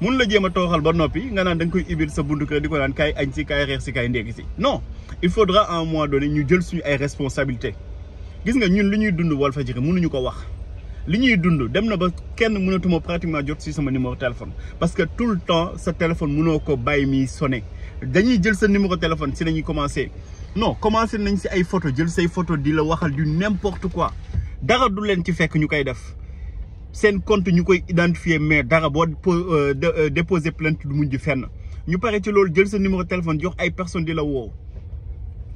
mun la jema a tooxal ba nopi nga nan dang koy ibir sa buntu kër di ko naan kaay añ si kaay reer si kaay ndéegi si non il faudra à un moment donné ñu jël suñu ay responsabilité gis nga ñun li ñuy dund Walfadjri mënuñu ko wax li ñuy dund dem na ba kenn mënatuma pratiquement jot ci sama numéro téléphone parce que tout le temps sa téléphone mëno ko bay mi sonné dañuy jël sa numéro téléphone si lañuy commencer non commencer nañ ci ay photo jël say photo di la waxal du n'importe quoi dara du len ci fekk ñukay def sen compte ñu koy identifier mais dara boo euh, euh, déposer plainte du mujj fenn ñu paré ci lool jël sa numéro téléphone jox ay personne di la woow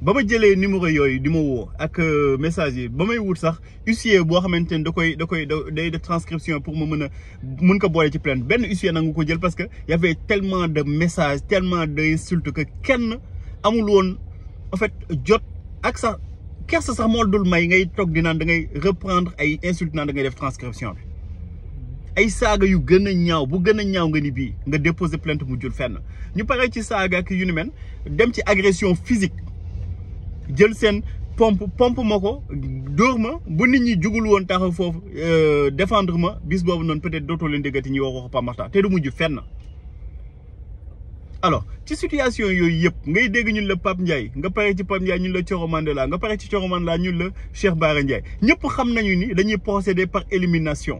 ba ma jëlee numéro yoy di ma woo ak euh, message yi bamay wut sax huissier bo xamantene ni da koy da koy day de transcription pour ma mën a ko boole ci plainte ben huissier nangu ko jël parce que y avait tellement de messages tellement d'insultes que kenn amul won en fait jot ak sax kersa sax moo dul may ngay tok dina naan da ngay reprendre ay insultes naan da ngay def transcription bi ay saga yu gëna ñaaw bu gëna ñaaw nga ni bii nga déposé plainte mu jul fenn ñu paré ci saga ak yu ñu mel dem ci agression physique jël sen pompe pompe mako ko ma bu nit ñi jugul won taxaw euh défendre ma bis bobu non peut-être doto leen déggati ñuy wax wax Pape té te du mujj fenn. alors ci situation yoy yëpp ngay dégg ñun le Pape ndjay nga paré ci Pape ndjay ñun le Thioro Mandela nga paré ci Thioro Mandela ñun le Cheikh Bara ndjay ñëpp xam nañu ni dañuy procéder par élimination.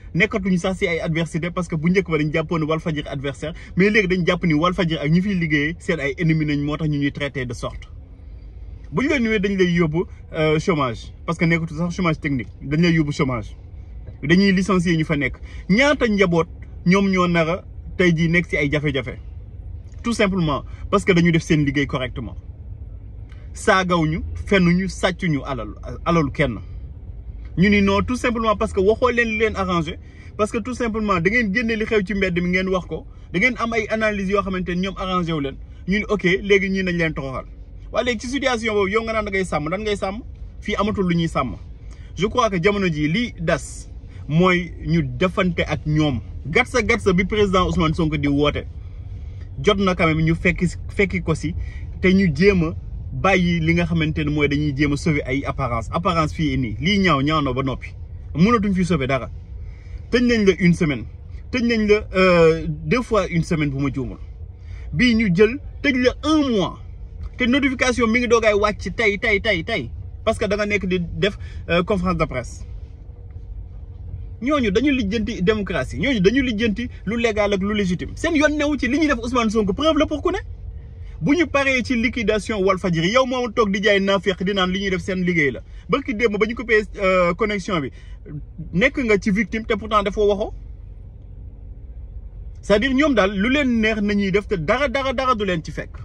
nekatuñu sax ci ay adversité parce que bu njëkk ba dañ wal Walfadjri adversaire mais léegi dañ japp ni wal Walfadjri ak ñi fi liggéeyee seen ay ennemis nañ motax ñu ñuy traité de sorte buñ ñu la nuwee dañ lay yobbu euh, chômage parce que nekatu sax chômage technique dañ lay yobbu chômage dañuy licencier ñu fa nek ñaata njaboot ñom ñoo nara tay tey nek ci ay jafé jafé tout simplement parce que dañu def seen liggéey correctement sa saagawuñu fennuñu sàccuñu alal alalu kenn nous, non tout simplement parce que waxo len arrangé parce que tout simplement da ngeen génne li xew ci mbedd mi ngeen wax ko da ngeen am ay analyse yo wu ok, ñu ok nañ ci situation nga ngay ngay je crois que jamono ji li das moy ñu defante ak ñom gatsa gatsa bi président Ousmane Sonko di woté jotna quand même ñu fekki fekki ko si té ñu bàyyi li nga xamante ne mooy dañuy jéem a sauver ay apparence apparence fii nii lii ñaaw ñaaw na ba noppi mënatuñ fi sauver dara tëj nañ la une semaine tëj nañ la euh, deux fois une semaine bu ma juumul bii ñu jël tëj la un mois te notification mi ngi doogaay wàcc tey tey tey tey parce que da nga nekk di def euh, conférence de presse ñooñu dañu lijjanti démocratie ñooñu dañu lijjanti lu légal ak lu légitime seen yoon newu ci li ñuy def Ousmane Sonko preuve la pour ku ne bu ñu paree ci liquidation Walfadjri yow moom toog di jaay naafeq di naan li ñuy def seen liggéey la barki démb ba ñu coupé euh, connexion bi nekk nga ci victime te pourtant dafoo waxoo c'est-à-dire ñoom daal lu leen neex nañuy def te dara dara dara du leen ci fekk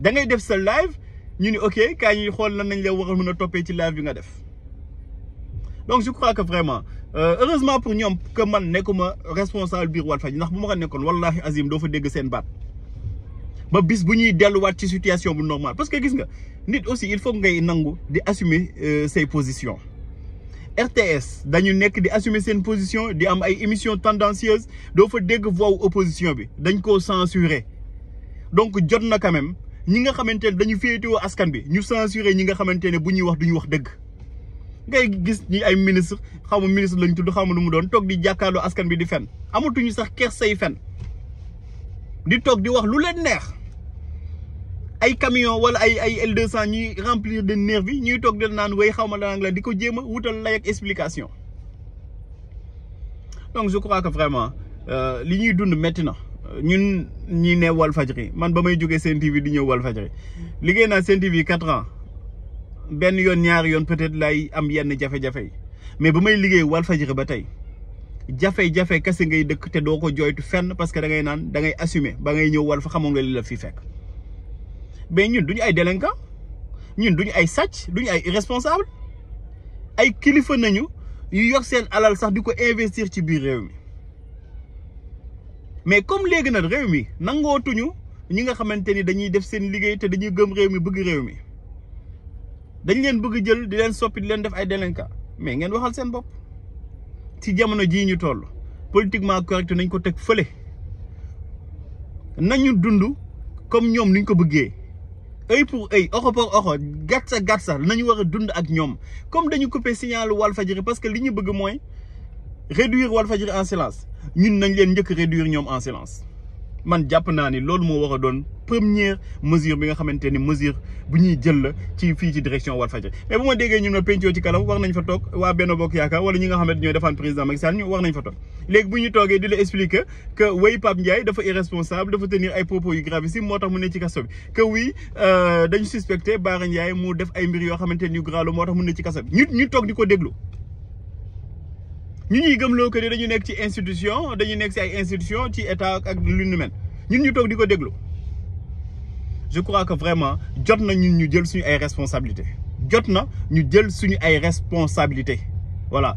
da ngay def sa live ñu ni ok kaay ñuy xool lan nañ la war a mën a ci live bi nga def donc je crois que vraiment euh, heureusement pour ñoom que man nekkuma responsable biir Walfadjri ndax bu ma ko nekkoon wallahi azim doo fa dégg seen baat ba bis bu ci situation normale parce que gis nga nit aussi il faut ngay nangu di assumer euh, ses positions RTS dañu Nek assumer ses position di am émissions tendancieuses doo fa dégg voix opposition bi censurer donc jot quand même ñi nga xamante dañu féetewoo askan bi ñu censurer ñi nga ne wax duñu wax ministre ministre lu mu doon askan bi di sax say di nous di wax ay camion wala ay L200 ñuy de nervis ñuy tok de way la explication donc je crois que vraiment euh, li ñuy dund metti na ñun ñi man bamay à Sen TV di nous na Sen TV ans ben yon ñaar peut-être lay am yenn jafé jafé mais bamay may wal Walfadjri ba tay Nous jafé kasse ngay dëkk té fenn parce que da ngay naan da ngay assumer ba ngay ñëw fa nga la fi mais ñun duñu ay délinquant ñun duñu ay sàcc duñu ay irresponsable ay kilifa nañu yu yor seen alal sax di ko investir ci biir réew mi mais comme léegi nag réew mi nangootuñu ñi nga xamante ni dañuy def seen liggéey te dañuy gëm réew mi bëgg réew mi dañ leen bëgg jël di leen soppi di leen def ay délinquant mais ngeen waxal seen bopp ci jamono jii ñu toll politiquement correct nañ ko teg fële nañu dund comme ñoom niñ ko bëggee. œil pour œil oxo pour gatsa gatsa dund ak ñom comme dañu couper signal parce que li ñu bëgg mooy réduire Walfadjri en silence ñun nañ leen réduire ñom en silence man japp loolu première mesure bi nga xamante ni mesure bu ñuy jël ci fi ci direction Walfadjri mais bu ma déggee ñun ne pencoo ci kalaw wax nañ fa tok wa benn Bokk yaaka wala ñi nga xamante ñoy defaan président Macky Sall ñu wax nañ fa tok légui bu ñu toogee di la expliquer que way pap ndjay dafa irresponsable dafa tenir ay propos yu gravissime motax mu ne ci kasso bi que oui euh, dañu suspecter Bara ndjay mu def ay mbir yo xamante ni yu grave la moo mu ne ci kasso bi ñu ñu tok diko ko déglu ñu gëm lo que dañu nekk ci institution dañu nekk ci ay institution ci état ak lu ñu mel ñun ñu tok diko ko déglu je crois que vraiment nous nous nous ñu responsabilité Nous nous ñu jël responsabilité voilà